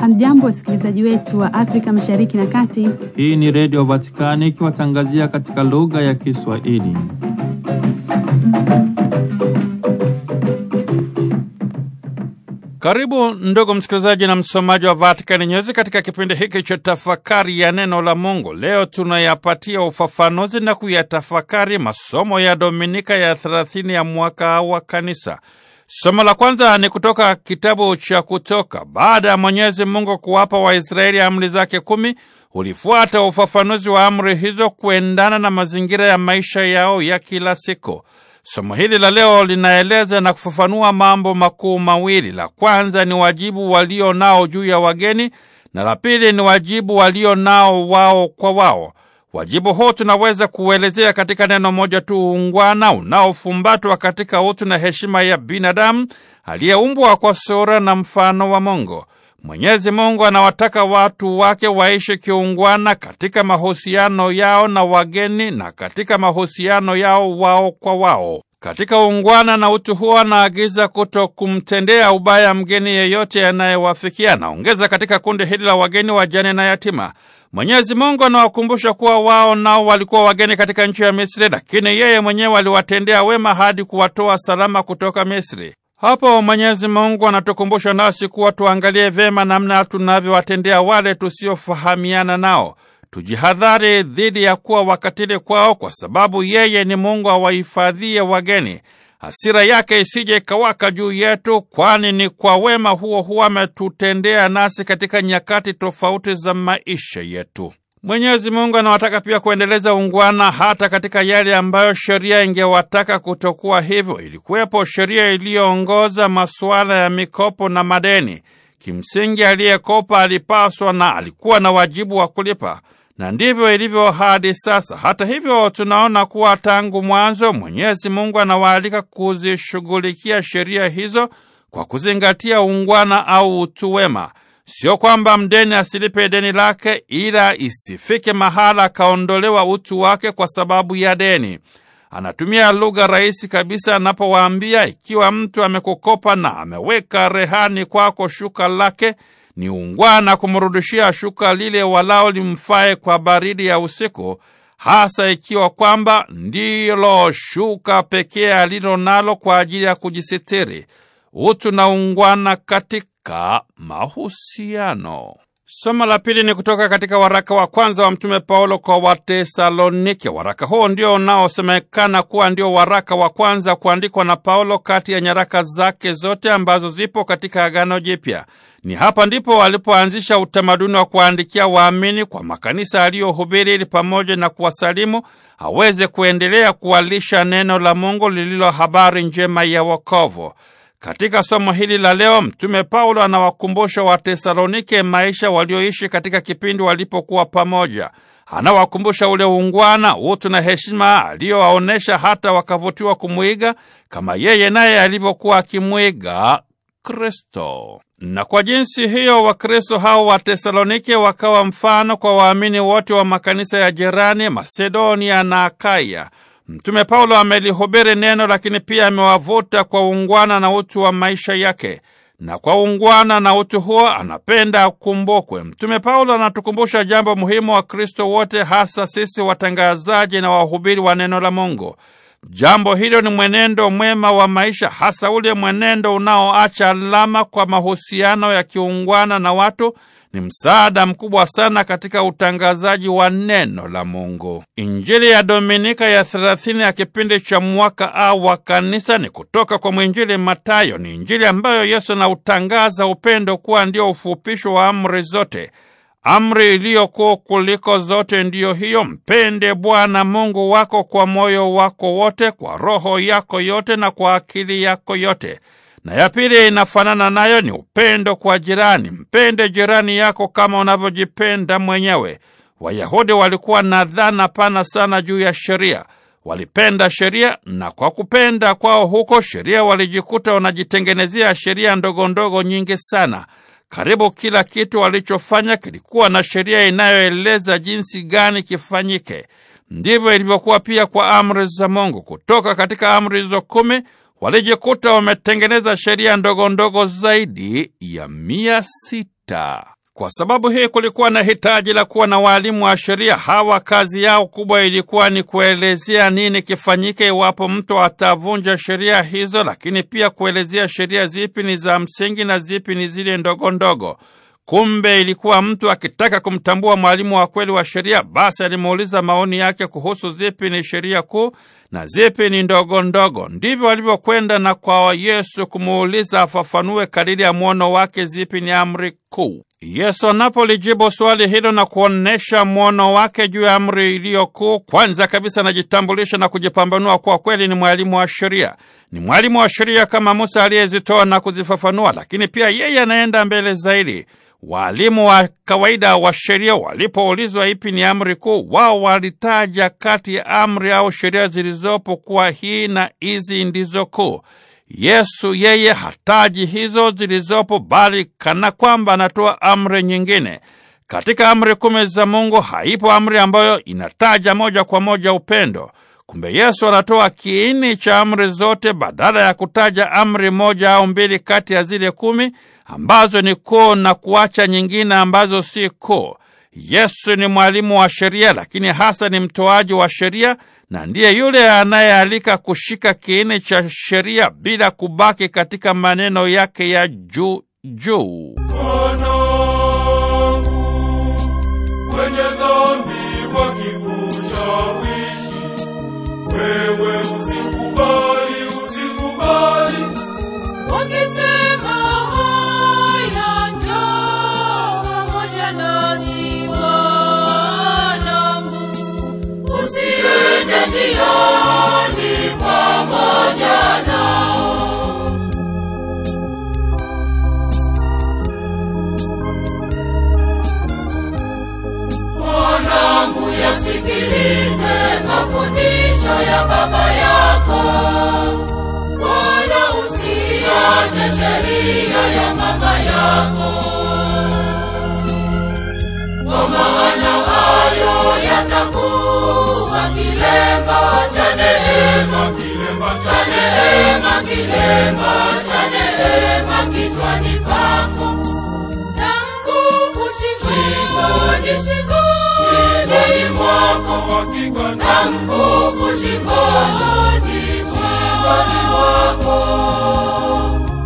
Hamjambo, wasikilizaji wetu wa Afrika Mashariki na Kati. Hii ni Redio Vatikani ikiwatangazia katika lugha ya Kiswahili. Karibu ndugu msikilizaji na msomaji wa Vatikani nyezi katika kipindi hiki cha tafakari ya neno la Mungu. Leo tunayapatia ufafanuzi na kuyatafakari masomo ya Dominika ya 30 ya mwaka wa Kanisa. Somo la kwanza ni kutoka kitabu cha Kutoka. Baada ya Mwenyezi Mungu kuwapa Waisraeli amri zake kumi, ulifuata ufafanuzi wa amri hizo kuendana na mazingira ya maisha yao ya kila siku. Somo hili la leo linaeleza na kufafanua mambo makuu mawili. La kwanza ni wajibu walio nao juu ya wageni na la pili ni wajibu walio nao wao kwa wao. Wajibu huu tunaweza kuelezea katika neno moja tu, uungwana unaofumbatwa katika utu na heshima ya binadamu aliyeumbwa kwa sura na mfano wa Mungu. Mwenyezi Mungu anawataka watu wake waishi kiungwana katika mahusiano yao na wageni na katika mahusiano yao wao kwa wao. Katika ungwana na utu huo anaagiza kuto kumtendea ubaya mgeni yeyote anayewafikia. Anaongeza katika kundi hili la wageni, wajane na yatima. Mwenyezi Mungu anawakumbusha kuwa wao nao walikuwa wageni katika nchi ya Misri, lakini yeye mwenyewe aliwatendea wema hadi kuwatoa salama kutoka Misri. Hapo Mwenyezi Mungu anatukumbusha nasi kuwa tuangalie vyema namna tunavyowatendea wale tusiofahamiana nao tujihadhari dhidi ya kuwa wakatili kwao, kwa sababu yeye ni Mungu awahifadhie wageni, hasira yake isije ikawaka juu yetu, kwani ni kwa wema huo huwa ametutendea nasi katika nyakati tofauti za maisha yetu. Mwenyezi Mungu anawataka pia kuendeleza ungwana hata katika yale ambayo sheria ingewataka kutokuwa hivyo. Ilikuwepo sheria iliyoongoza masuala ya mikopo na madeni. Kimsingi, aliyekopa alipaswa na alikuwa na wajibu wa kulipa na ndivyo ilivyo hadi sasa. Hata hivyo, tunaona kuwa tangu mwanzo Mwenyezi Mungu anawaalika kuzishughulikia sheria hizo kwa kuzingatia ungwana au utu wema. Sio kwamba mdeni asilipe deni lake, ila isifike mahala akaondolewa utu wake kwa sababu ya deni. Anatumia lugha rahisi kabisa anapowaambia, ikiwa mtu amekukopa na ameweka rehani kwako shuka lake ni ungwana kumrudishia shuka lile walao limfae kwa baridi ya usiku, hasa ikiwa kwamba ndilo shuka pekee alilo nalo kwa ajili ya kujisitiri. Utu na ungwana katika mahusiano Somo la pili ni kutoka katika waraka wa kwanza wa Mtume Paulo kwa Watesalonike. Waraka huo ndio unaosemekana kuwa ndio waraka wa kwanza kuandikwa na Paulo kati ya nyaraka zake zote ambazo zipo katika Agano Jipya. Ni hapa ndipo alipoanzisha utamaduni wa kuandikia waamini kwa makanisa aliyohubiri ili pamoja na kuwasalimu aweze kuendelea kuwalisha neno la Mungu lililo habari njema ya wokovu. Katika somo hili la leo, Mtume Paulo anawakumbusha Watesalonike maisha walioishi katika kipindi walipokuwa pamoja. Anawakumbusha ule uungwana, utu na heshima aliyowaonyesha hata wakavutiwa kumwiga kama yeye naye alivyokuwa akimwiga Kristo. Na kwa jinsi hiyo Wakristo hao wa Tesalonike wakawa mfano kwa waamini wote wa makanisa ya jirani Masedonia na Akaya. Mtume Paulo amelihubiri neno, lakini pia amewavuta kwa ungwana na utu wa maisha yake, na kwa ungwana na utu huo anapenda akumbukwe. Mtume Paulo anatukumbusha jambo muhimu wa Kristo wote, hasa sisi watangazaji na wahubiri wa neno la Mungu. Jambo hilo ni mwenendo mwema wa maisha, hasa ule mwenendo unaoacha alama kwa mahusiano ya kiungwana na watu ni msaada mkubwa sana katika utangazaji wa neno la Mungu. Injili ya Dominika ya 30 ya kipindi cha mwaka A wa kanisa ni kutoka kwa mwinjili Matayo. Ni injili ambayo Yesu anautangaza upendo kuwa ndio ufupisho wa amri zote. Amri kuu kuliko zote ndiyo hiyo, mpende Bwana Mungu wako kwa moyo wako wote, kwa roho yako yote na kwa akili yako yote na ya pili inafanana nayo ni upendo kwa jirani. Mpende jirani yako kama unavyojipenda mwenyewe. Wayahudi walikuwa na dhana pana sana juu ya sheria. Walipenda sheria na kwa kupenda kwao huko sheria walijikuta wanajitengenezea sheria ndogo ndogo nyingi sana. Karibu kila kitu walichofanya kilikuwa na sheria inayoeleza jinsi gani kifanyike. Ndivyo ilivyokuwa pia kwa amri za Mungu. Kutoka katika amri hizo kumi walijikuta wametengeneza sheria ndogo ndogo zaidi ya mia sita. Kwa sababu hii kulikuwa na hitaji la kuwa na waalimu wa sheria hawa. Kazi yao kubwa ilikuwa ni kuelezea nini kifanyike iwapo mtu atavunja sheria hizo, lakini pia kuelezea sheria zipi ni za msingi na zipi ni zile ndogo ndogo. Kumbe ilikuwa mtu akitaka kumtambua mwalimu wa kweli wa sheria, basi alimuuliza maoni yake kuhusu zipi ni sheria kuu na zipi ni ndogo ndogo. Ndivyo walivyokwenda na kwa Yesu kumuuliza afafanue kadiri ya mwono wake zipi ni amri kuu. Yesu anapolijibu swali hilo na kuonesha mwono wake juu ya amri iliyo kuu, kwanza kabisa anajitambulisha na kujipambanua kuwa kweli ni mwalimu wa sheria. Ni mwalimu wa sheria kama Musa aliyezitoa na kuzifafanua, lakini pia yeye anaenda mbele zaidi. Waalimu wa kawaida wa sheria walipoulizwa ipi ni amri kuu, wao walitaja kati ya amri au sheria zilizopo kuwa hii na hizi ndizo kuu. Yesu yeye hataji hizo zilizopo, bali kana kwamba anatoa amri nyingine. Katika amri kumi za Mungu haipo amri ambayo inataja moja kwa moja upendo. Kumbe Yesu anatoa kiini cha amri zote badala ya kutaja amri moja au mbili kati ya zile kumi ambazo ni ko na kuacha nyingine ambazo si koo Yesu ni mwalimu wa sheria, lakini hasa ni mtoaji wa sheria na ndiye yule anayealika kushika kiini cha sheria bila kubaki katika maneno yake ya juu juu.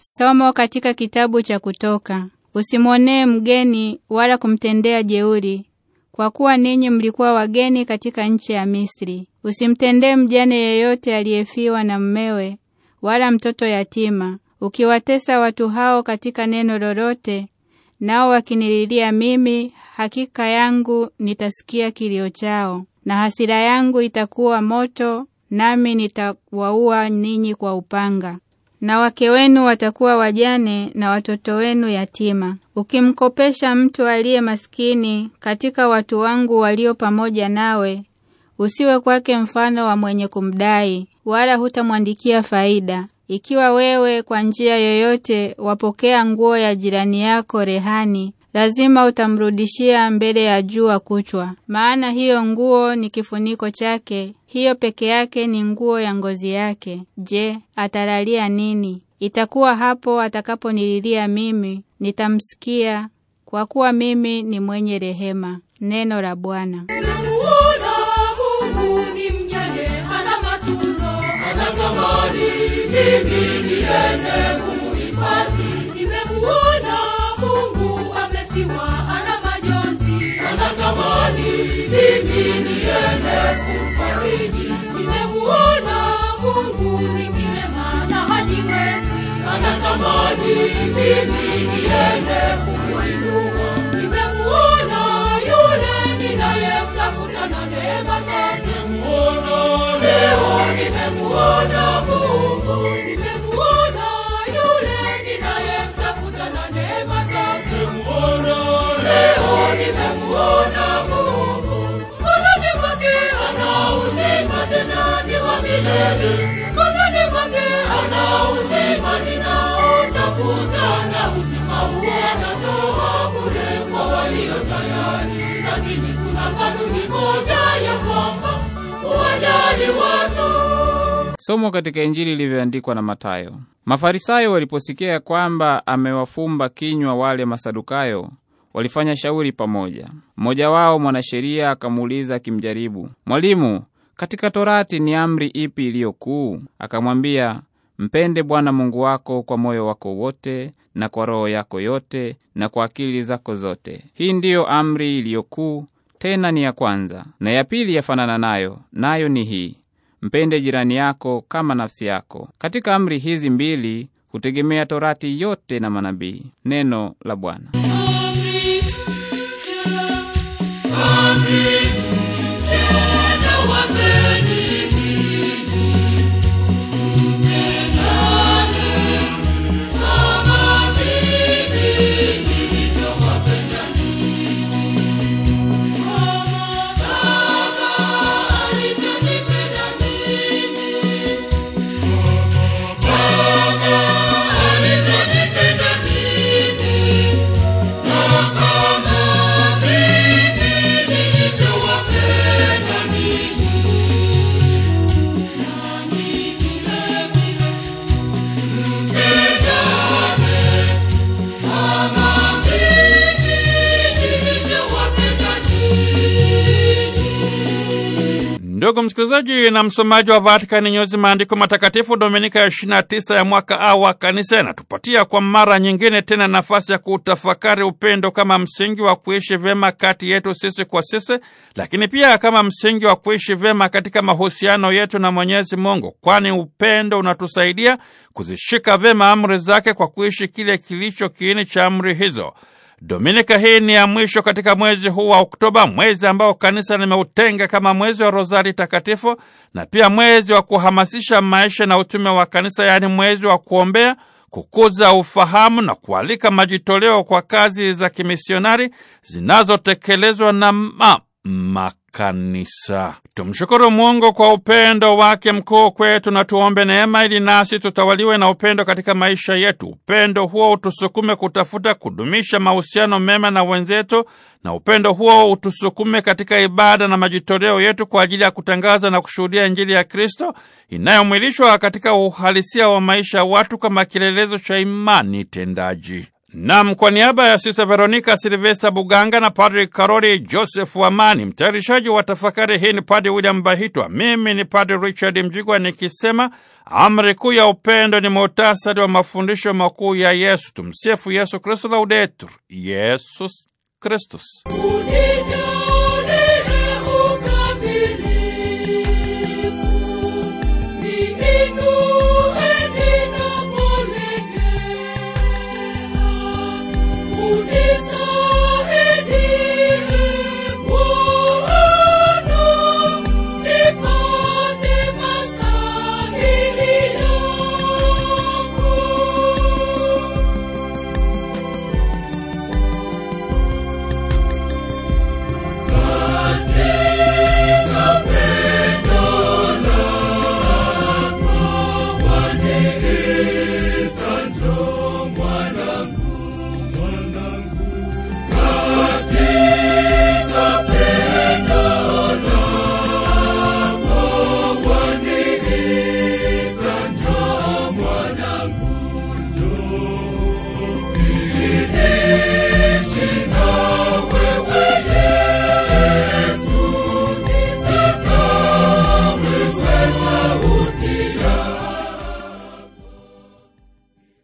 Somo katika kitabu cha Kutoka. Usimwonee mgeni wala kumtendea jeuri, kwa kuwa ninyi mlikuwa wageni katika nchi ya Misri. Usimtendee mjane yeyote aliyefiwa na mmewe, wala mtoto yatima. Ukiwatesa watu hao katika neno lolote, nao wakinililia mimi, hakika yangu nitasikia kilio chao, na hasira yangu itakuwa moto, nami nitawaua ninyi kwa upanga, na wake wenu watakuwa wajane na watoto wenu yatima. Ukimkopesha mtu aliye maskini katika watu wangu walio pamoja nawe, usiwe kwake mfano wa mwenye kumdai, wala hutamwandikia faida. Ikiwa wewe kwa njia yoyote wapokea nguo ya jirani yako rehani, lazima utamrudishia mbele ya jua kuchwa, maana hiyo nguo ni kifuniko chake, hiyo peke yake ni nguo ya ngozi yake. Je, atalalia nini? Itakuwa hapo atakaponililia mimi, nitamsikia kwa kuwa mimi ni mwenye rehema. Neno la Bwana. zamani mimi niende kuinua. Nimemuona yule ninayemtafuta na neema zake. Nimemuona leo, nimemuona Mungu, nimemuona yule ninayemtafuta na neema zake. Nimemuona leo, nimemuona Mungu, mkononi mwake ana uzima tena ni wa milele. mafuta na uzima huo anatoa bure kwa walio tayari, lakini kuna kanuni moja ya kwamba uwajali watu. Somo katika Injili ilivyoandikwa na Matayo. Mafarisayo waliposikia kwamba amewafumba kinywa wale Masadukayo, walifanya shauri pamoja. Mmoja wao mwanasheria akamuuliza akimjaribu, Mwalimu, katika Torati ni amri ipi iliyo kuu? Akamwambia, Mpende Bwana Mungu wako kwa moyo wako wote na kwa roho yako yote na kwa akili zako zote. Hii ndiyo amri iliyokuu, tena ni ya kwanza, na ya pili yafanana nayo, nayo ni hii: mpende jirani yako kama nafsi yako. Katika amri hizi mbili hutegemea Torati yote na manabii. Neno la Bwana. Amen. Amen. Ndugu msikilizaji na msomaji wa Vatikani News, maandiko matakatifu Dominika ya 29 ya mwaka A wa Kanisa yanatupatia kwa mara nyingine tena nafasi ya kutafakari upendo kama msingi wa kuishi vyema kati yetu sisi kwa sisi, lakini pia kama msingi wa kuishi vyema katika mahusiano yetu na Mwenyezi Mungu, kwani upendo unatusaidia kuzishika vyema amri zake kwa kuishi kile kilicho kiini cha amri hizo. Dominika hii ni ya mwisho katika mwezi huu wa Oktoba, mwezi ambao kanisa limeutenga kama mwezi wa Rozari Takatifu na pia mwezi wa kuhamasisha maisha na utume wa kanisa, yaani mwezi wa kuombea, kukuza ufahamu na kualika majitoleo kwa kazi za kimisionari zinazotekelezwa na makanisa. Tumshukuru Mungu kwa upendo wake mkuu kwetu, na tuombe neema ili nasi tutawaliwe na upendo katika maisha yetu. Upendo huo utusukume kutafuta kudumisha mahusiano mema na wenzetu, na upendo huo utusukume katika ibada na majitoleo yetu kwa ajili ya kutangaza na kushuhudia Injili ya Kristo inayomwilishwa katika uhalisia wa maisha ya watu kama kielelezo cha imani tendaji. Nam, kwa niaba ya Sisa Veronica Silvesta Buganga na Padri Karoli Joseph Wamani, mtayarishaji wa tafakari hii ni Padri William Bahitwa. Mimi ni Padri Richard Mjigwa nikisema amri kuu ya upendo ni muhtasari wa mafundisho makuu ya Yesu. Tumsifu Yesu Kristu, Laudetur Yesus Kristus.